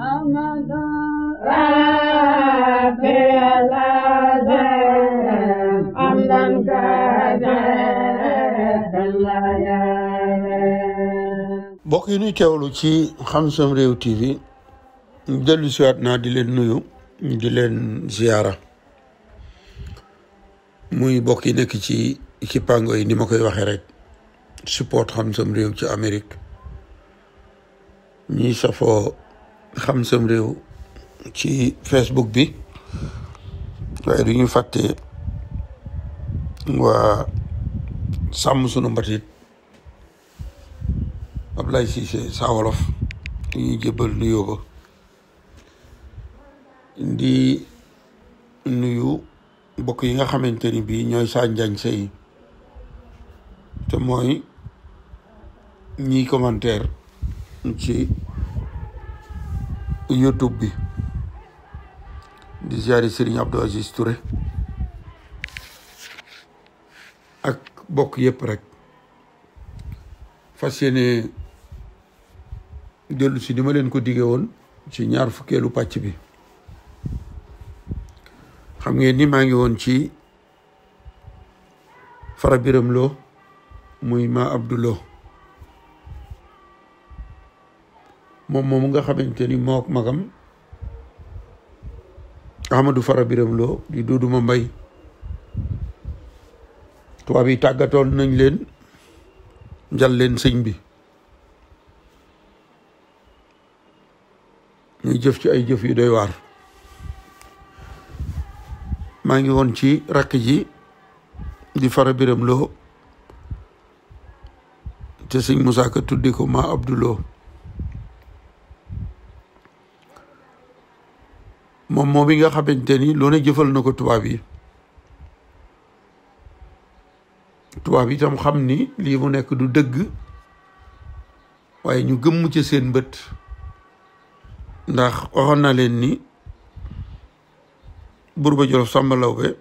mbokk yi ñuy teewlu ci Xam Sam Réew TV dellu siwaat naa di leen nuyu di leen ziyaara muy mbokk yi nekk ci ci pango yi ni ma koy waxee rek support Xam Sam Réew ci Amérique ñi safoo xam sam réew ci Facebook bi waaye du ñu fàtte waa sàmm sunu mbatit Ablaye Cissé Saa Wolof du ñuy jébbal nuyoo ba di nuyu mbokk yi nga xamante ni bii ñooy saa njaañ sey te mooy ñiy commentaire ci youtube bi di ziaré Serigne Abdou Aziz Touré ak bok yépp rek fas yéene ci si len ko mangi won ci ñaar fukélu patch bi xam ngeen ni ma ngi won ci farabiram lo muy ma abdou moom moom nga xamante ni moo ak magam Amadou Fara Biram Lo di Duduma Mbay tubaab yi tàggatoon nañ leen njal leen sëñ bi ñuy jëf ci ay jëf yu doy waar maa ngi woon ci rakk ji di Fara Biram Lo te sëñ Musaa Ka tuddi ko maa Abdu Lo moom moom yi nga xamante ni loo ne jëfal na ko tubaab yi tubaab yi tam xam ni lii mu nekk du dëgg waaye ñu gëmm ci seen bët ndax waxoon na leen ni Buurba Jolof Sàmba Lawbe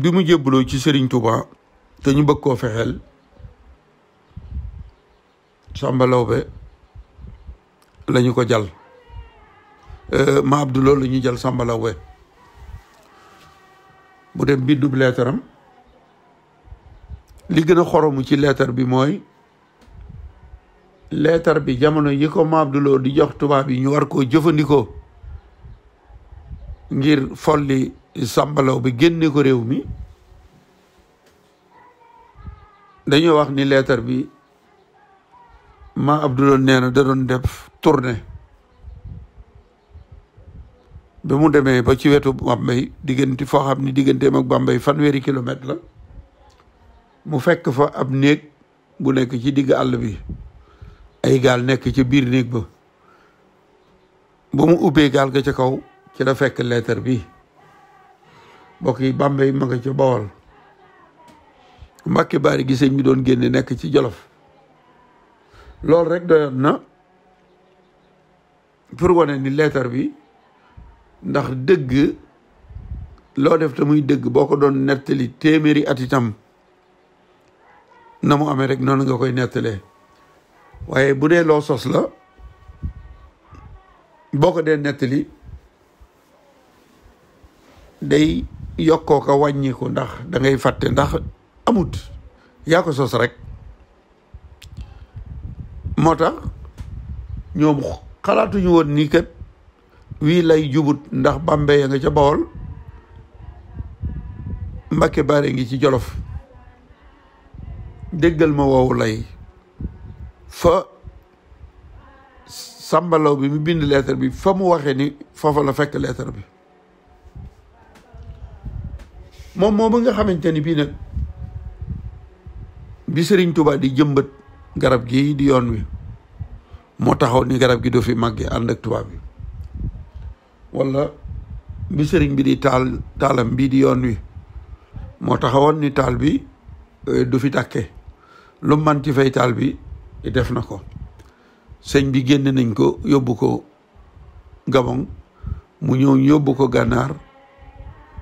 bi mu jébbaloo ci Sëriñ Tuubaa te ñu bëgg koo fexeel Sàmba Lawbe lañu ko jal euh, ma Abdou loolu ñuy jal Samba Laobé mu dem bindub leetaram li gën a xoromu ci leetar bi mooy leetar bi jamono yi ko ma Abdou di jox tubaab yi ñu war koo jëfandikoo ngir folli Samba bi génne ko réew mi dañoo wax ni leetar bi ma abdul neena na da doon def tournée bi mu demee ba ci wetu bambay diggante foo xam ni digganteem ak Bambey fanweeri kilomètre la mu fekk fa ab néeg bu nekk ci digg àll bi ay gaal nekk ci biir néeg ba bu mu ubbee gaal ga ca kaw ci la fekk lettre bi mbokk yi Bambey ma nga ca Bawol Mbàkke Baari gi sëñ bi doon génne nekk ci Jolof loolu rek doyoon na pour wane ni leetar bi ndax dëgg loo def te muy dëgg boo ko doon nettali téeméeri at itam na mu amee rek noonu nga koy nettalee waaye bu dee loo sos la boo ko dee nettali day yokkoo ko wàññiku ndax dangay ngay fàtte ndax amut yaa ko sos rek mota tax ñoom xalaatuñu woon nii kat wii lay jubut ndax Bambey ya nga ca Bawol Mbàkke Baare ngi ci Jolof déggal ma woowu lay fa sàmbalaw bi mu bind lettre bi fa mu waxee ni foofa la fekk lettre bi moom moomu nga xamante ni bii nag bi Sëriñ di jëmbat garab gi di yoon wi moo taxaw ni garab gi du fi màgge ànd ak tubaab bi wala bi sëriñ bi di taalam bii di yoon wi moo taxawoon ni taal bi eh, du fi tàkke lu man ci fay taal bi def na ko sëñ bi génne nañ ko yóbbu ko Gabon mu ñëw yóbbu ko gànnaar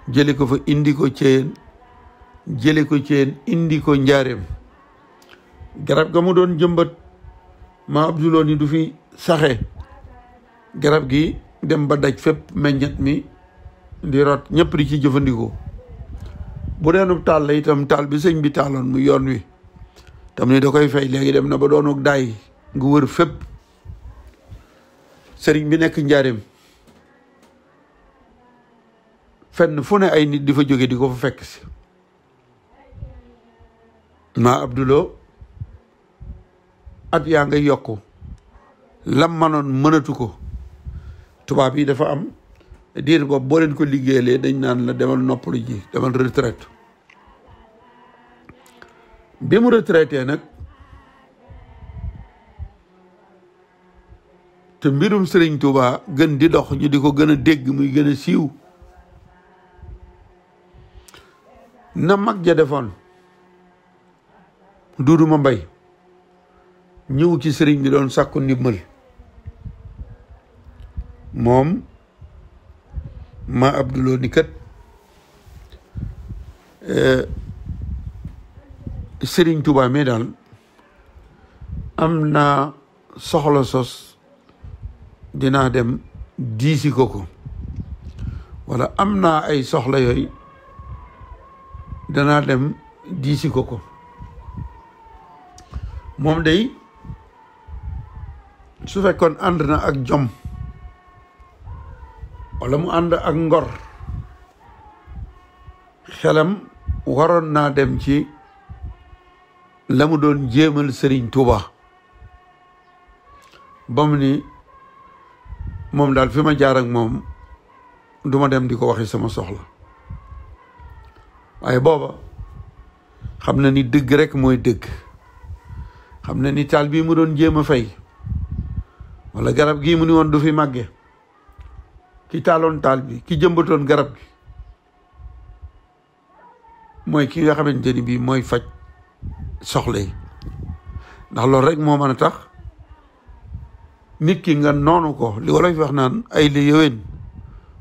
jële ko fa indi ko ceen jële ko ceen indi ko njaareem garab ga mu doon jëmbat ma abduloo ni du fi saxe garab gi dem ba daj fépp meññet mi di rot ñëpp di ci jëfandikoo bu deenub taal la itam taal bi sëñ bi taaloon mu yoon wi tam ni da koy fay léegi dem na ba doonuk daay ngu wër fépp sëriñ bi nekk njaareem fenn fu ne ay nit di fa jóge di ko fa fekk si ma abduloo at yaa nga yokk lam manoon mënatu ko tubaab yi dafa am diir boobu boo leen ko liggéeyalee dañ naan la demal noppalu ji demal retraite bi mu retraité nag te mbirum Serigne tubaa gën di dox ñu di ko gën a dégg muy gën a siiw na mag ja defoon Duudu mbay ñëw ci sëriñ bi doon sàkku ndimbal moom ma abduloo ni kat eh, sëriñ Tuubaa mi daal am naa soxla sos dinaa dem diisi ko ko wala am naa ay soxla yooyu danaa dem diisi ko ko moom day su fekkoon ànd na ak jom wala mu ànd ak ngor xelam waroon naa dem ci la mu doon jéemal Sëriñ Tuuba ba mu ni moom daal fi ma jaar ak moom du dem di ko waxi sama soxla waaye booba xam na ni dëgg rekk mooy dëgg xam na ni taal bii mu doon jéem a fay wala garab gii mu ni won du fi màgge ki taaloon taal bi ki jëmbatoon garab gi mooy ki nga xamante ni bii mooy faj soxlay ndax loolu rek moo mën a tax nit ki nga noonu ko li wala fi wax naan ay li yëwén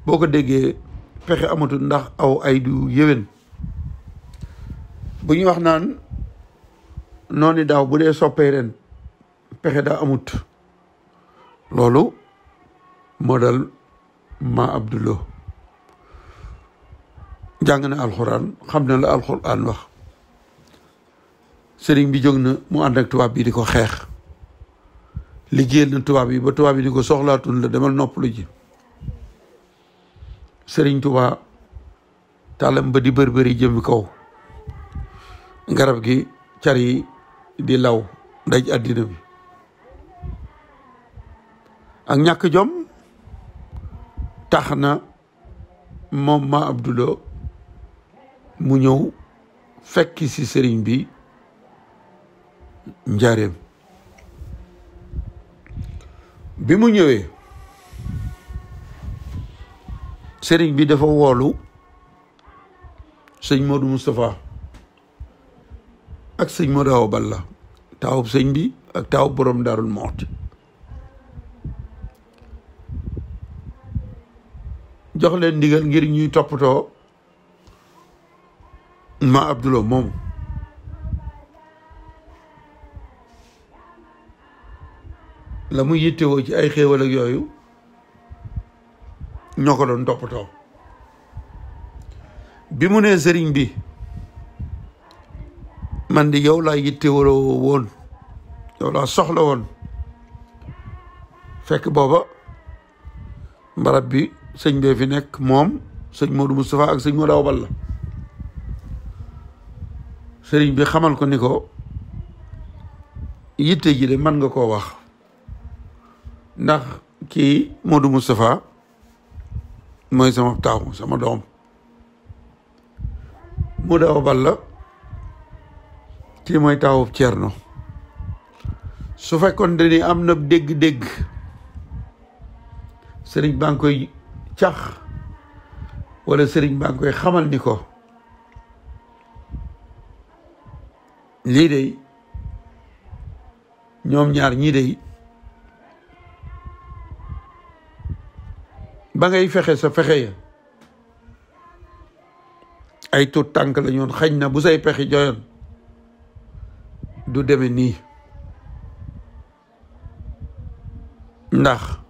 boo ko déggee pexe amatul ndax aw ay du bu ñu wax naan noonu daaw bu dee soppee ren pexe daa amut lolu modal ma abdullah jang na alquran xamna la alquran wax serigne bi jogna mu and ak tubaab bi diko xex xeex liggéeyal na tubaab bi ba tubaab bi diko soxlatun la demal noppalu ji serigne tubaa talam ba di berberi jëm kaw ngarab gi cari di law daj adina bi ak ñàkk jom tax na moom ma abdulo mu ñëw fekk ci sëriñ bi njaareem bi mu ñëwee sëriñ bi dafa woolu sëñ Modou Moustapha ak sëñ Modou Awa Balla taawub sëñ bi ak taawub borom daarul moot jox leen ndigal ngir ñuy toppatoo ma Abdoulo moom la mu yittewoo ci ay xéewal yooyu ñoo ko doon toppatoo bi mu nee sëriñ bi man di yow laa yittewoo woon yow laa soxla woon fekk booba mbarab bi sëñ bee fi nekk moom sëñ Modou Moustapha ak sëñ mu Awa Balla sëriñ bi xamal ko ni ko yitte ji de mën nga koo wax ndax kii Modou Moustapha mooy sama taaw sama doom Modou Awa Balla kii mooy taawub Ceerno su fekkoon ni am na dégg-dégg sëriñ baa ngi koy cax walla sëriñ baa ngi koy xamal ni ko lii dey ñoom ñaar ñii dey ba ngay fexe sa fexe ya ay tut tànk la ñoon xañ na bu say pexi joyoon du deme nii ndax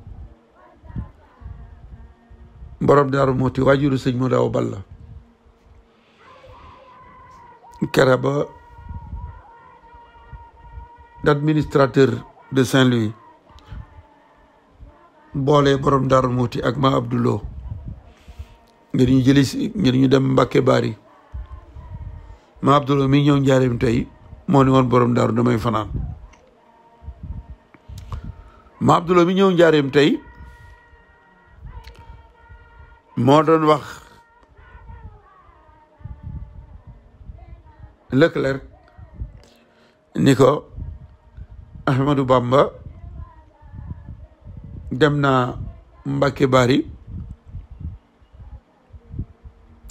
borom daaru muuti waajuru sëñ mu daw balla kere ba d'administrateur de Saint-Louis boolee borom daaru muuti ak ma abdoulo ngir ñu jëli si ngir ñu dem Mbàkke Baari ma abdoulo mi ñëw njaareem tey moo ne woon borom daaru damay fanaan ma abdoulo mi ñëw njaareem tey moo doon wax Leclerc ni ko Ahmadou Bamba dem naa Mbàkke Bari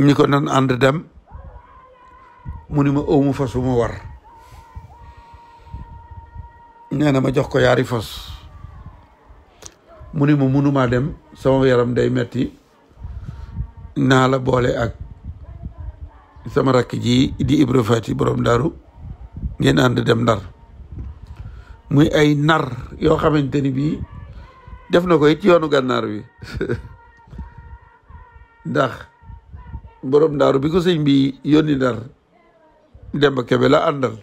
niko ko nan ànd dem mu ni ma ëwmu fas war nee na ma jox ko yaari fas mu ni ma munumaa dem sama yaram day metti naa la boole ak sama rakk ji di Ibra Fati boroom Daaru ngeen ànd dem Ndar muy ay nar yoo xamante ni bii def na ko it yoonu gànnaar bi ndax borom Daaru bi ko sëñ bi yónni Ndar Demba Kebe la àndal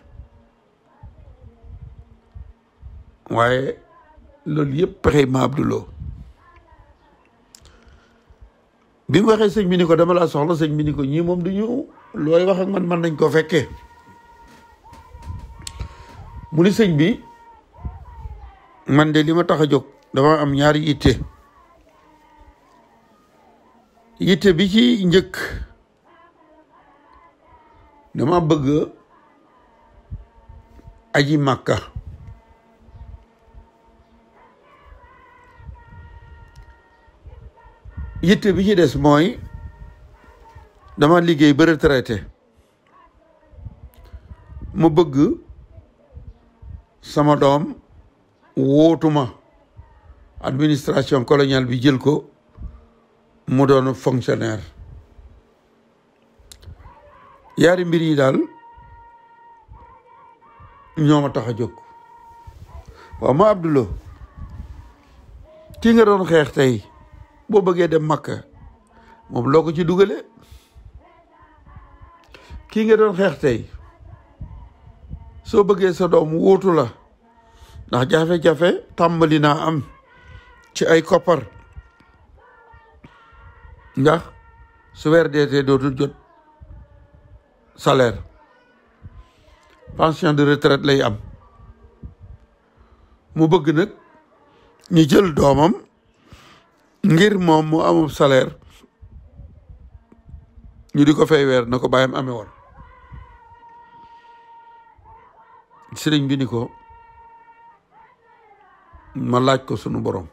waaye loolu yëpp pexey ma bi mu waxee sëñ bi ni ko dama laa soxla sëñ bi ni ko ñii moom du ñu looy wax ak man man nañ koo fekke mu ni sëñ bi man de li ma tax a jóg dama am ñaari yitte yitte bi ci njëkk dama bëgg aji màkka yitte bi ci des mooy dama liggéey ba retraité mu bëgg sama doom wootuma administration coloniale bi jël ko mu doon fonctionnaire yaari mbir yi daal ñoo ma tax a jóg waaw ma Abdou Lo nga doon xeex tey boo bëggee dem Makka moom loo ko ci dugale kii nga doon xeex tey soo bëggee sa doom wuutu la ndax jafe-jafe tàmbali naa am ci ay koppar ndax su weer deetee dootul jot salaire pension de retraite lay am mu bëgg nag ñu jël doomam ngir moom mu amub salaire ñu di ko fay weer na ko bàyyam amee woon sëriñ bi ni ko ma laaj ko sunu borom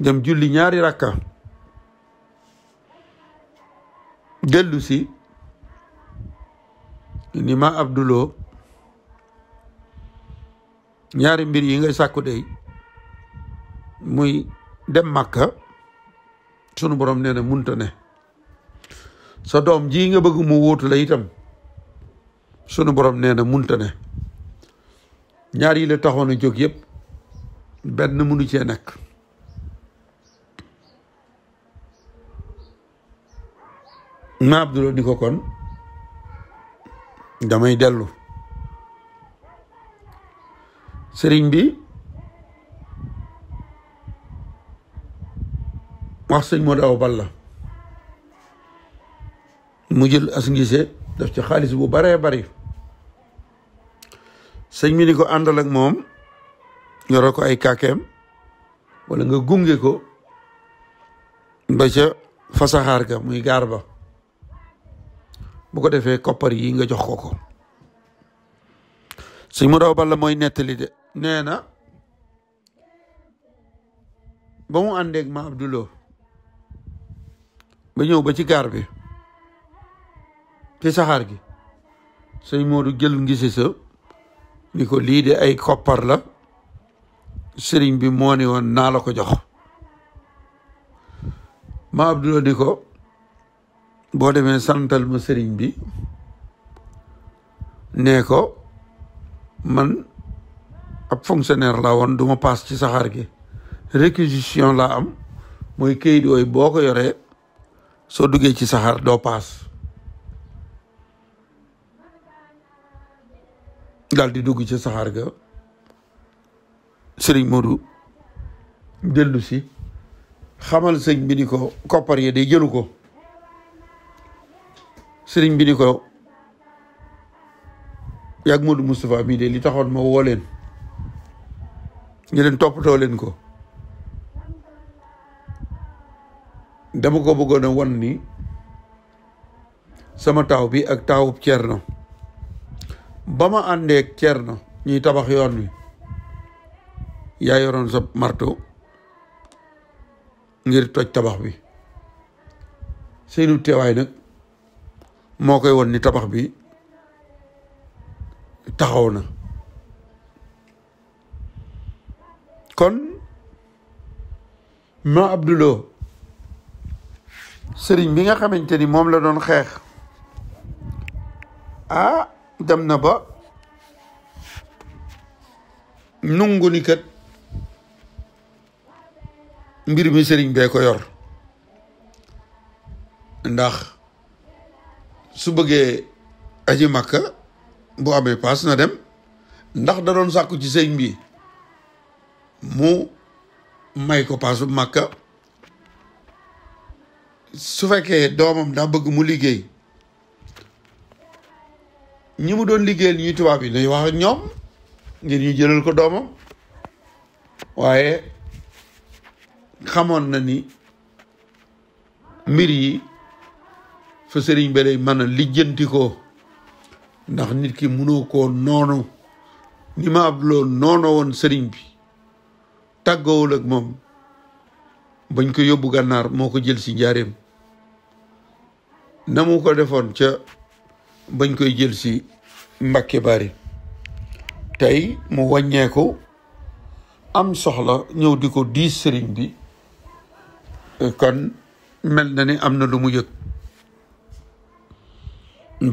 dem julli ñaari rakka dellusi si ni ma abduloo ñaari mbir yi ngay sàkku dey muy dem màkka sunu borom nee na munta ne sa doom ji nga bëgg mu wóotu la itam sunu borom nee na munta ne ñaar yi la taxoon a jóg yëpp benn mënu ci nekk ma Abdoulaye ni ko kon damay dellu sëriñ bi wax sëñ Modou Awa la mu jël as ngisee def ci xaalis bu baree bari sëñ mi ko àndal ak moom yoro ko ay kaakeem wala nga gunge ko ba ca fasaxaar ga muy gaar ba bu ko defee koppar yi nga jox ko ko sëñ Modou Awa Balla mooy nettali de nee na ba mu àndeeg ma Abdoulou ba ñëw ba ci gaar bi ci saxaar gi sëñ Modou jël ngisi sa ni ko lii de ay koppar la sëriñ bi moo ni woon naa la ko jox ma Abdoulaye ni ko boo demee santal ma sëriñ bi nee ko man ab fonctionnaire laa woon du paas ci saxaar gi réquisition la am mooy kayit yooyu boo ko yoree soo duggee ci saxaar doo paas daal di dugg ci saxaar ga sëriñ Modou dellu xamal sëñ bi ko koppar yi day jëlu ko sëriñ bi ni ko yàgg Modou Moustapha mii de li taxoon ma woo leen ñu leen toppatoo leen ko dama ko bëggoon a wan ni sama taaw bi ak taawub na ba ma àndeek na ñuy tabax yoon wi yaa yoroon sa marto ngir toj tabax bi seenu teewaay nag moo koy won ni tabax bi taxaw na kon ma Abdoulo sëriñ bi nga xamante ni moom la doon xeex ah dem na ba nungu ni kat mi sëriñ bee ko yor ndax su bëggee aji makka bu amee paas na dem ndax da doon sàkku ci sëriñ bi mu may ko paasu makka su fekkee doomam daa bëgg mu liggéey ñi mu doon liggéeyal ñi tubaab yi day wax ñoom ngir ñu jëlal ko doomam waaye xamoon na ni mbir yi sëriñ bi lay mën a lijjanti ko ndax nit ki mënoo koo noonu ni ma loo noonoo woon sëriñ bi tàggoowul moom bañ ko yóbbu gànnaar moo ko jël si njaareem na mu ko defoon ca bañ koy jël si Mbàkke Bari tey mu wàññeeku am soxla ñëw di ko diis sëriñ bi kan mel na ni am na lu mu yëg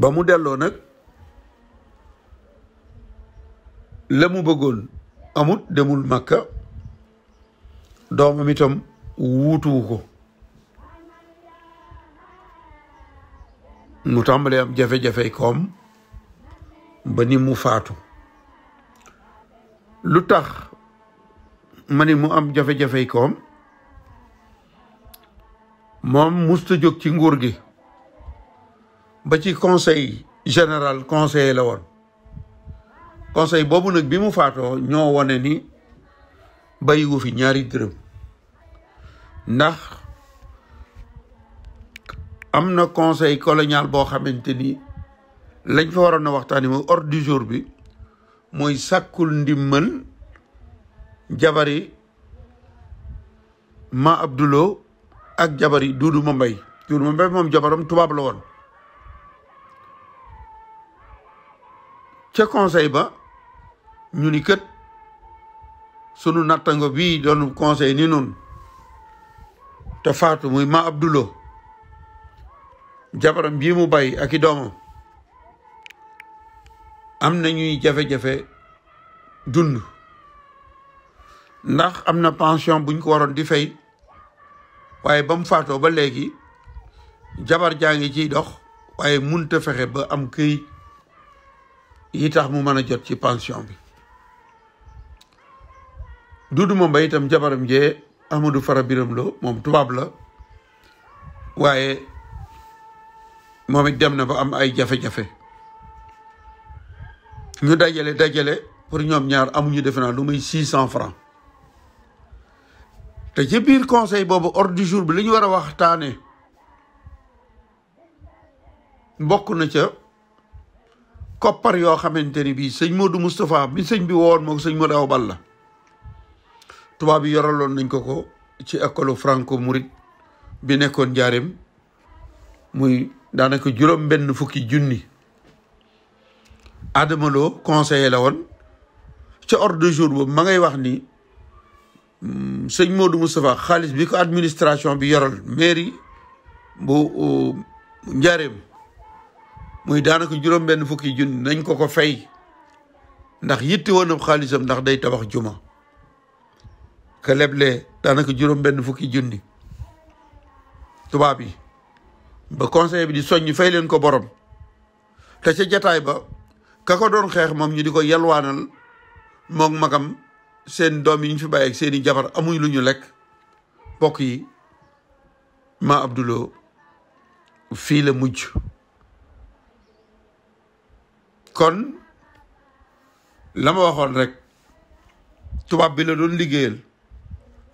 ba mu delloo nag la mu bëggoon amut demul Makka doomam itam wuutuwu ko mu tàmbalee am jafe-jafe koom ba ni mu faatu lu tax ma ni mu am jafe-jafe koom moom musta jóg ci nguur gi ba ci conseil général conseiller la woon conseil boobu nag bi mu faatoo ñoo wone ni bàyyiwu fi ñaari dërëm ndax am na conseil colonial boo xamante ni lañ fa waroon a waxtaani mooy ordre du jour bi mooy sàkkul ndimmal jabari ma abdulo ak jabari duudu ma mbay duudu mbay moom jabarom tubaab la woon ca conseil ba ñu ni kët sunu nattangoo bi doon conseil ni nun te faatu muy ma abdulo jabaram bii mu bay aki i doomam am na ñuy jafe-jafe dund ndax am na pension buñ ko waroon di fay waaye ba mu faatoo ba léegi jabar jaa ngi ciy dox waaye munta fexe ba am këyit yi tax mu mën a jot ci pension bi Dudu Mbaye itam jabaram jee Amadou Fara Biram Lo moom tubaab la waaye moom it dem na ba am ay jafe-jafe ñu dajale dajale pour ñoom ñaar amuñu defe naa lu muy six cent francs te ci biir conseil boobu ordre du jour bi li war a waxtaane bokk na ca koppar yoo xamante ni bii sëñ Modou Moustapha bi sëñ bi woon moo sëñ Modou Awa Balla tubaab yi yoraloon nañ ko ko ci école franco mouride bi nekkoon njaareem muy daanaka juróom benn fukki junni Adama Lo conseiller la woon ci ordre de jour boobu ma ngay wax ni mm, sëñ Modou Moustapha xaalis bi ko administration bi yoral mairie bu Njaareem muy daanaka juróom benn fukki junni nañ ko ko fay ndax yitti woon xaalisam ndax day tabax juma ka leble daanaka juróom benn fukki junni tubaab yi ba conseil bi di soññ fay leen ko boroom te ca jataay ba ka ko doon xeex moom ñu di ko yalwaanal moog magam seen doom yiñ ñu fi bàyyi ak seeni jabar amuñ lu ñu lekk bokk yi ma Abdoulou fii la mujj kon lama waxoon rek tubaab bi la doon liggéeyal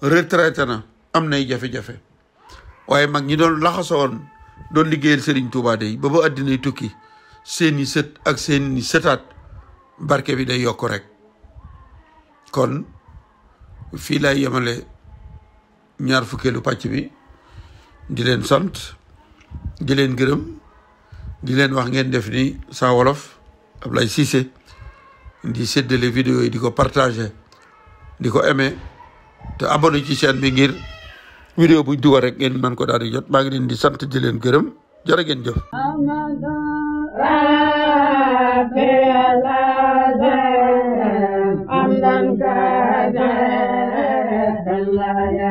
retraité na am nay jafe-jafe waaye mag ñi doon laxasoon doon liggéeyal Serigne Touba day ba ba addinay tukki seeni sët ak seeni sëtaat barke bi day yokk rek kon fii laay yemale ñaar fukkeelu pàcc bi di leen sont di leen gërëm di leen wax ngeen def ni saa wolof Ablaye Cissé di séddale vidéo yi di ko partagé di ko aimé te abonné ci chaîne bi ngir Video buñ dugal rek ngeen man ko daal di jot maa ngi leen di sant di leen gërëm ngeen jëf